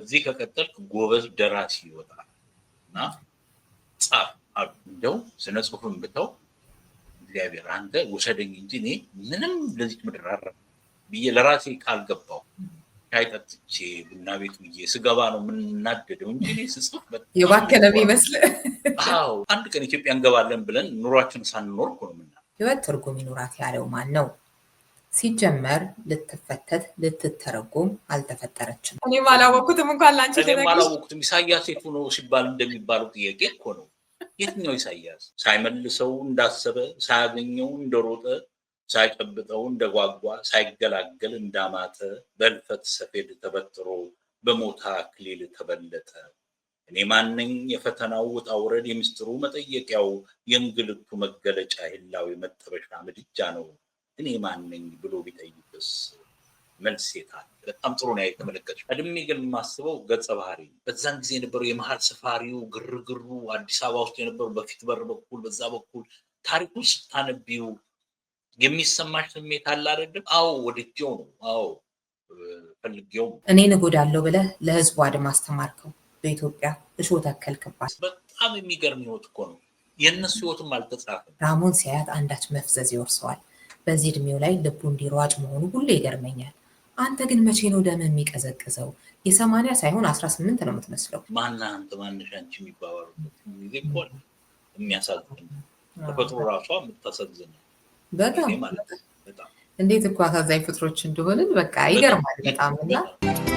በዚህ ከቀጠልክ ጎበዝ ደራሲ ይወጣል እና ጻፍ። እንደው ስነ ጽሁፍን ብተው እግዚአብሔር አንተ ውሰደኝ እንጂ እኔ ምንም ለዚህ ምድር አረ ብዬ ለራሴ ቃል ሻይ ጠጥቼ ቡና ቤት ብዬ ስገባ ነው የምናደደው እንጂ ስጽፍ የባከነ ይመስል። አዎ አንድ ቀን ኢትዮጵያ እንገባለን ብለን ኑሯችን ሳንኖር ነው ምና ህይወት ትርጉም ይኑራት ያለው ማን ነው? ሲጀመር ልትፈተት ልትተረጎም አልተፈጠረችም። እኔም አላወቅኩትም እንኳን ላንቺ አላወቅኩትም። ኢሳያስ የቱ ነው ሲባል እንደሚባለው ጥያቄ እኮ ነው። የትኛው ኢሳያስ? ሳይመልሰው እንዳሰበ፣ ሳያገኘው እንደሮጠ፣ ሳይጨብጠው እንደጓጓ፣ ሳይገላገል እንዳማተ፣ በልፈት ሰፌድ ተበጥሮ በሞታ አክሊል ተበለጠ። እኔ ማነኝ? የፈተናው ውጣ ውረድ፣ የምስጢሩ መጠየቂያው፣ የእንግልቱ መገለጫ፣ ህላዊ መጠበሻ ምድጃ ነው እኔ ማን ነኝ ብሎ ቢጠይቅስ መልስ የታል? በጣም ጥሩ ነው የተመለከት። ቀድሜ ግን የማስበው ገጸ ባህሪ በዛን ጊዜ የነበረው የመሀል ሰፋሪው ግርግሩ፣ አዲስ አበባ ውስጥ የነበረው በፊት በር በኩል በዛ በኩል ታሪኩ ስታነቢው የሚሰማሽ ስሜት አለ አይደለም? አዎ ወድጄው ነው። አዎ ፈልጌው ነው። እኔን እጎዳለሁ ብለህ ለህዝቡ አድማ አስተማርከው። በኢትዮጵያ እሾህ ተከልክባል። በጣም የሚገርም ህይወት እኮ ነው። የእነሱ ህይወትም አልተጻፈም። ራሞን ሲያያት አንዳች መፍዘዝ ይወርሰዋል። በዚህ እድሜው ላይ ልቡ እንዲሯጭ መሆኑ ሁሉ ይገርመኛል። አንተ ግን መቼ ነው ደም የሚቀዘቅዘው? የሰማንያ ሳይሆን አስራ ስምንት ነው የምትመስለው። ማና አንተ ማነሽ አንቺ ጊዜ እኮ የሚያሳዝን ተፈጥሮ ራሷ የምታሳዝን በጣም እንዴት እኮ አሳዛኝ ፍጥሮች እንደሆንን በቃ ይገርማል በጣም እና